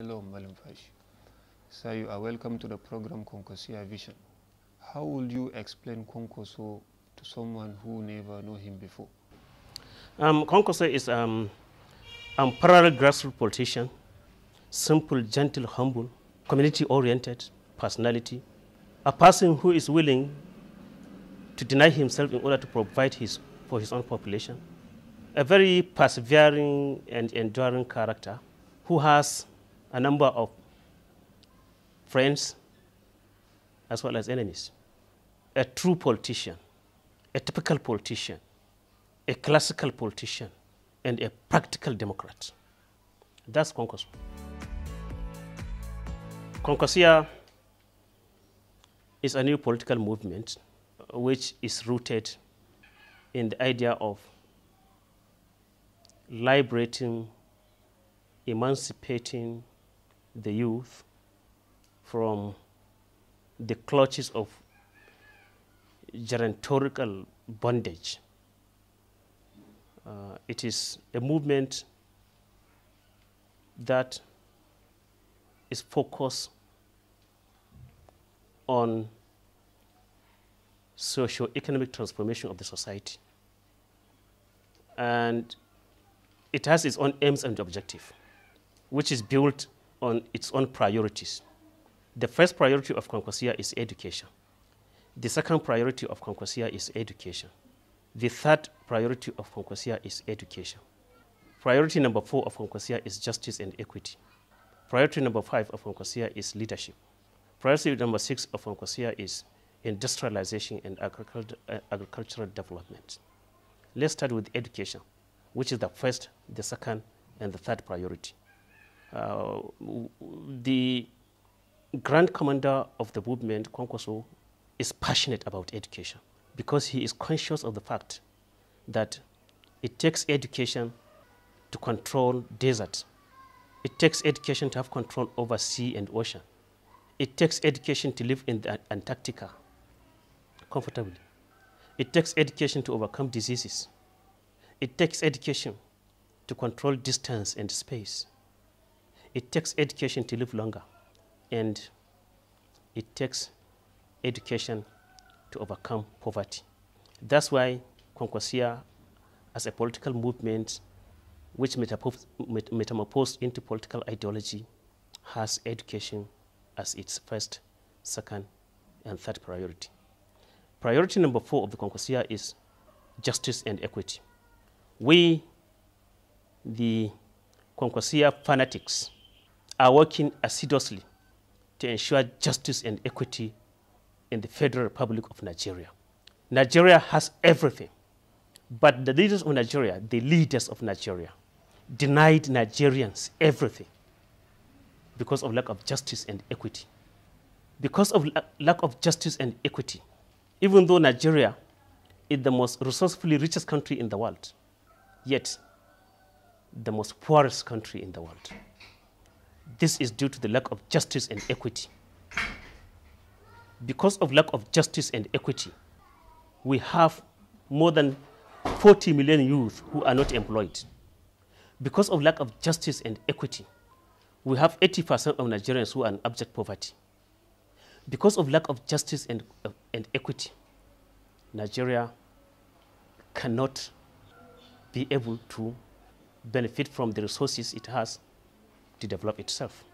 Hello, Malim Fash. Sir, you are welcome to the program Concosia Vision. How would you explain Concoso to someone who never knew him before? Um, is um, a um, parallel grassroots politician, simple, gentle, humble, community-oriented personality, a person who is willing to deny himself in order to provide his, for his own population, a very persevering and enduring character who has a number of friends as well as enemies. A true politician, a typical politician, a classical politician, and a practical democrat. That's Concos. Concosia is a new political movement which is rooted in the idea of liberating, emancipating, the youth from the clutches of gerontorical bondage. Uh, it is a movement that is focused on socio-economic transformation of the society. And it has its own aims and objective, which is built on its own priorities. The first priority of Concoursia is education. The second priority of Concoursia is education. The third priority of Concoursia is education. Priority number four of Concoursia is justice and equity. Priority number five of Concoursia is leadership. Priority number six of Concoursia is industrialization and uh, agricultural development. Let's start with education, which is the first, the second, and the third priority. Uh, the Grand Commander of the movement, Kwankwaso, is passionate about education because he is conscious of the fact that it takes education to control deserts. It takes education to have control over sea and ocean. It takes education to live in Antarctica comfortably. It takes education to overcome diseases. It takes education to control distance and space it takes education to live longer, and it takes education to overcome poverty. That's why Konkosia, as a political movement which metamorphosed into political ideology, has education as its first, second, and third priority. Priority number four of the Konkosia is justice and equity. We, the Konkosia fanatics, are working assiduously to ensure justice and equity in the Federal Republic of Nigeria. Nigeria has everything, but the leaders of Nigeria, the leaders of Nigeria, denied Nigerians everything because of lack of justice and equity. Because of lack of justice and equity, even though Nigeria is the most resourcefully richest country in the world, yet the most poorest country in the world. This is due to the lack of justice and equity. Because of lack of justice and equity, we have more than 40 million youth who are not employed. Because of lack of justice and equity, we have 80% of Nigerians who are in abject poverty. Because of lack of justice and, uh, and equity, Nigeria cannot be able to benefit from the resources it has to develop itself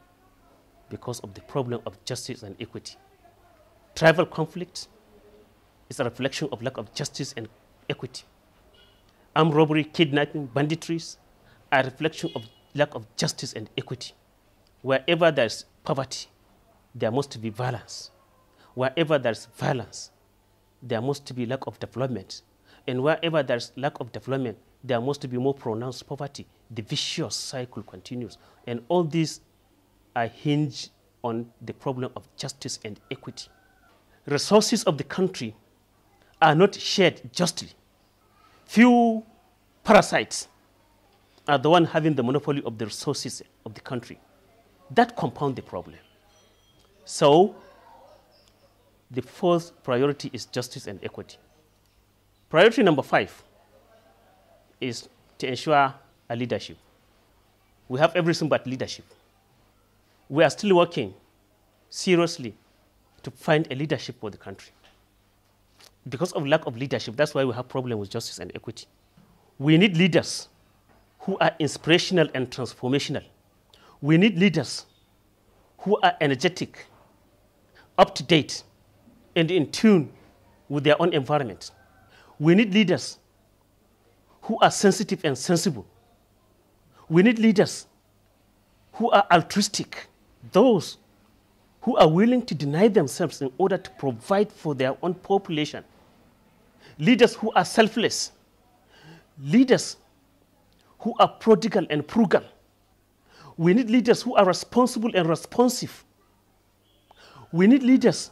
because of the problem of justice and equity. Tribal conflict is a reflection of lack of justice and equity. Armed robbery, kidnapping, banditries are a reflection of lack of justice and equity. Wherever there is poverty, there must be violence. Wherever there is violence, there must be lack of development. And wherever there is lack of development, there must be more pronounced poverty the vicious cycle continues. And all these are hinged on the problem of justice and equity. Resources of the country are not shared justly. Few parasites are the one having the monopoly of the resources of the country. That compound the problem. So the fourth priority is justice and equity. Priority number five is to ensure a leadership. We have everything but leadership. We are still working seriously to find a leadership for the country. Because of lack of leadership, that's why we have problems with justice and equity. We need leaders who are inspirational and transformational. We need leaders who are energetic, up to date, and in tune with their own environment. We need leaders who are sensitive and sensible we need leaders who are altruistic, those who are willing to deny themselves in order to provide for their own population, leaders who are selfless, leaders who are prodigal and frugal. We need leaders who are responsible and responsive. We need leaders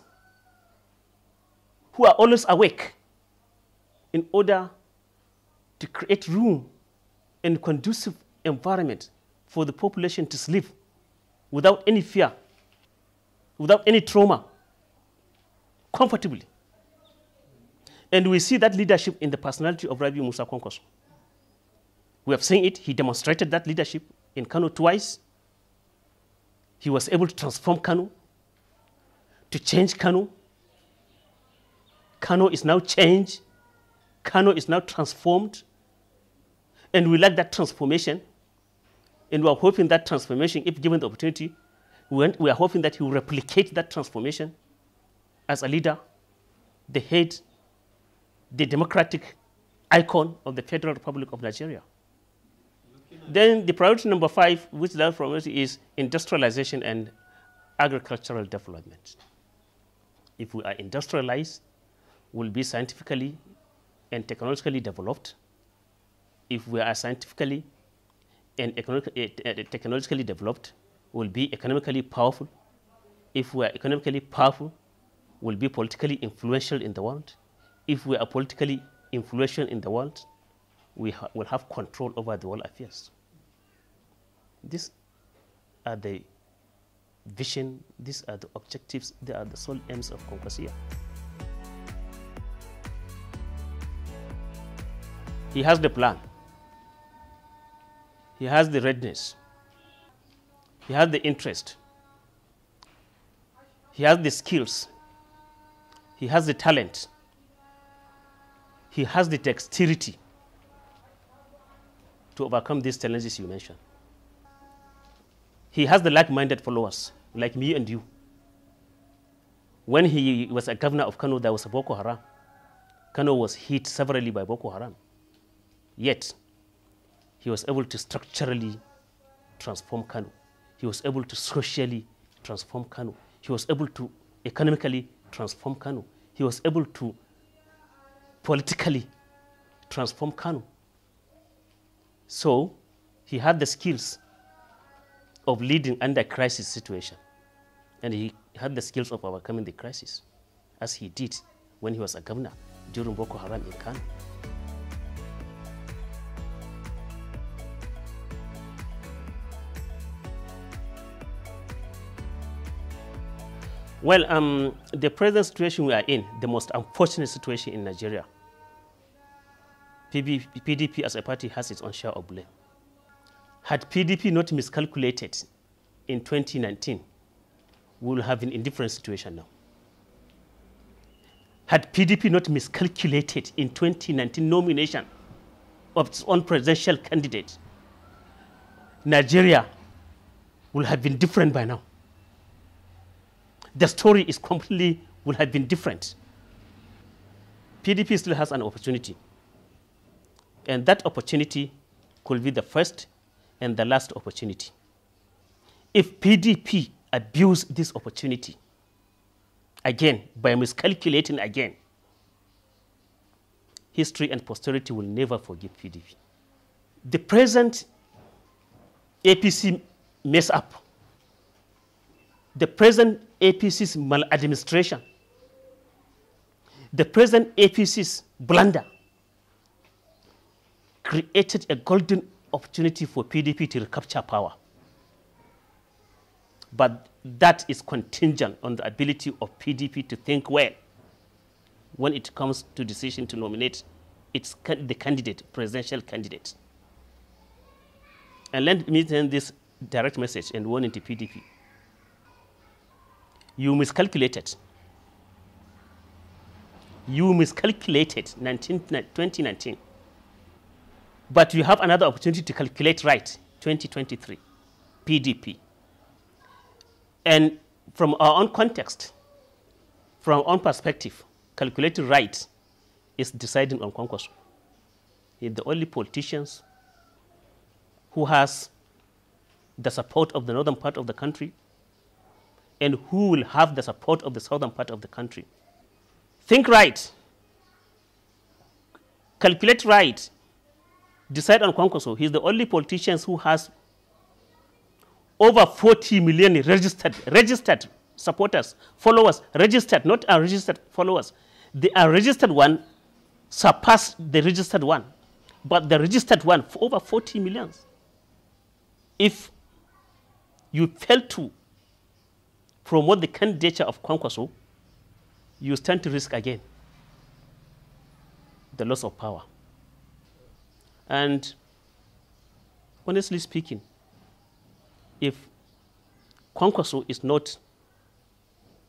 who are always awake in order to create room and conducive environment for the population to sleep without any fear, without any trauma, comfortably. And we see that leadership in the personality of Rabi Musa Konkos. We have seen it. He demonstrated that leadership in Kano twice. He was able to transform Kano, to change Kano. Kano is now changed. Kano is now transformed. And we like that transformation and we are hoping that transformation, if given the opportunity, we are hoping that he will replicate that transformation as a leader, the head, the democratic icon of the Federal Republic of Nigeria. Then the priority number five, which that from is industrialization and agricultural development. If we are industrialized, we'll be scientifically and technologically developed. If we are scientifically and technologically developed, will be economically powerful. If we are economically powerful, will be politically influential in the world. If we are politically influential in the world, we ha will have control over the world affairs. These are the vision, these are the objectives, they are the sole aims of Concorsia. He has the plan. He has the readiness. He has the interest. He has the skills. He has the talent. He has the dexterity to overcome these challenges you mentioned. He has the like minded followers, like me and you. When he was a governor of Kano, there was a Boko Haram. Kano was hit severely by Boko Haram. Yet, he was able to structurally transform Kano. He was able to socially transform Kano. He was able to economically transform Kano. He was able to politically transform Kano. So he had the skills of leading under crisis situation. And he had the skills of overcoming the crisis, as he did when he was a governor during Boko Haram in Kano. Well, um, the present situation we are in, the most unfortunate situation in Nigeria, PB, PDP as a party has its own share of blame. Had PDP not miscalculated in 2019, we will have a different situation now. Had PDP not miscalculated in 2019 nomination of its own presidential candidate, Nigeria would have been different by now the story is completely would have been different. PDP still has an opportunity. And that opportunity could be the first and the last opportunity. If PDP abuse this opportunity, again, by miscalculating again, history and posterity will never forgive PDP. The present APC mess up, the present APC's maladministration, the present APC's blunder created a golden opportunity for PDP to recapture power. But that is contingent on the ability of PDP to think well when it comes to decision to nominate its the candidate, presidential candidate. And let me send this direct message and warning to PDP you miscalculated. You miscalculated 19, 2019. But you have another opportunity to calculate right 2023, PDP. And from our own context, from our own perspective, calculating right is deciding on Congress. He's the only politicians who has the support of the northern part of the country and who will have the support of the southern part of the country. Think right, calculate right, decide on Kwankwaso. He's the only politician who has over 40 million registered, registered supporters, followers, registered, not unregistered followers. The unregistered one surpassed the registered one, but the registered one for over 40 millions. If you fail to promote the candidature of Kwankwaso, you stand to risk again the loss of power. And honestly speaking, if Kwankwaso is not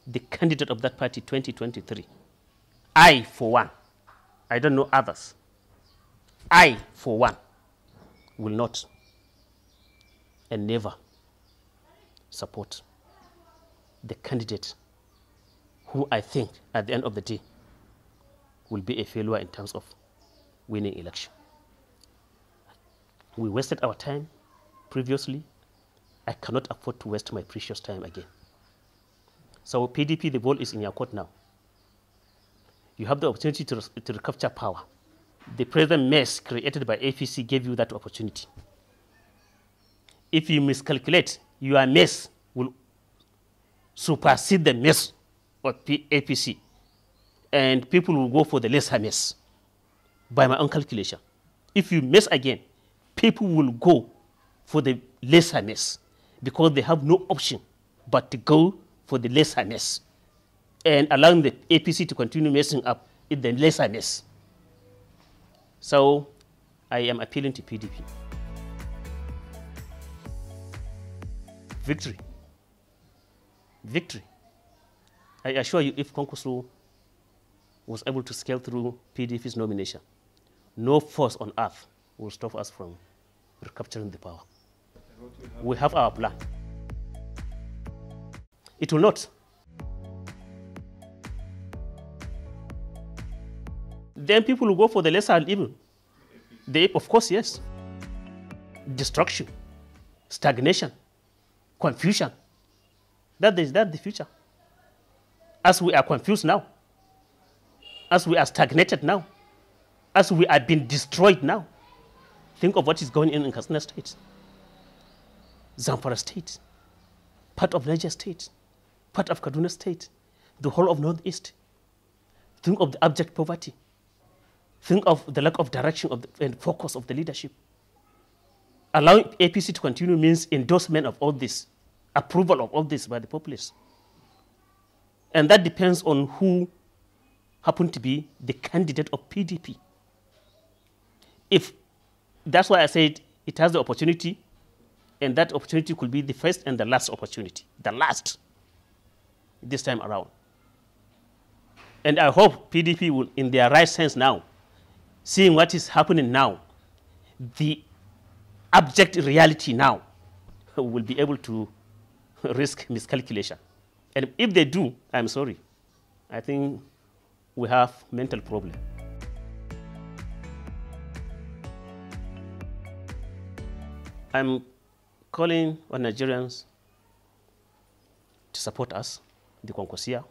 the candidate of that party 2023, I, for one, I don't know others, I, for one, will not and never support the candidate who I think at the end of the day will be a failure in terms of winning election. We wasted our time previously. I cannot afford to waste my precious time again. So PDP, the ball is in your court now. You have the opportunity to, to recapture power. The present mess created by APC gave you that opportunity. If you miscalculate, you are mess supersede the mess of P APC. And people will go for the lesser mess by my own calculation. If you mess again, people will go for the lesser mess because they have no option but to go for the lesser mess and allowing the APC to continue messing up in the lesser mess. So I am appealing to PDP. Victory victory. I assure you, if Konkusu was able to scale through PDF's nomination, no force on earth will stop us from recapturing the power. we have our plan. It will not. Then people will go for the lesser evil. The, of course, yes. Destruction, stagnation, confusion, that is that the future. As we are confused now, as we are stagnated now, as we are being destroyed now, think of what is going on in Katsina State, Zamfara State, part of Niger State, part of Kaduna State, the whole of Northeast. Think of the abject poverty. Think of the lack of direction of the, and focus of the leadership. Allowing APC to continue means endorsement of all this approval of all this by the populace. And that depends on who happened to be the candidate of PDP. If that's why I said it has the opportunity, and that opportunity could be the first and the last opportunity, the last this time around. And I hope PDP will, in their right sense now, seeing what is happening now, the abject reality now, will be able to risk miscalculation. And if they do, I'm sorry. I think we have mental problem. I'm calling on Nigerians to support us, the Concosia.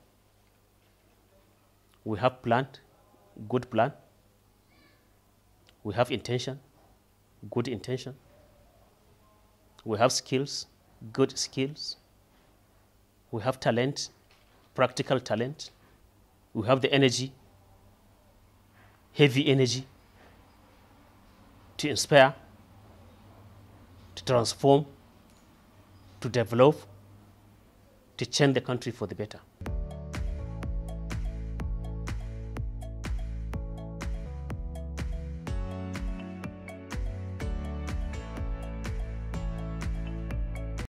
We have planned, good plan. We have intention, good intention. We have skills, good skills, we have talent, practical talent, we have the energy, heavy energy to inspire, to transform, to develop, to change the country for the better.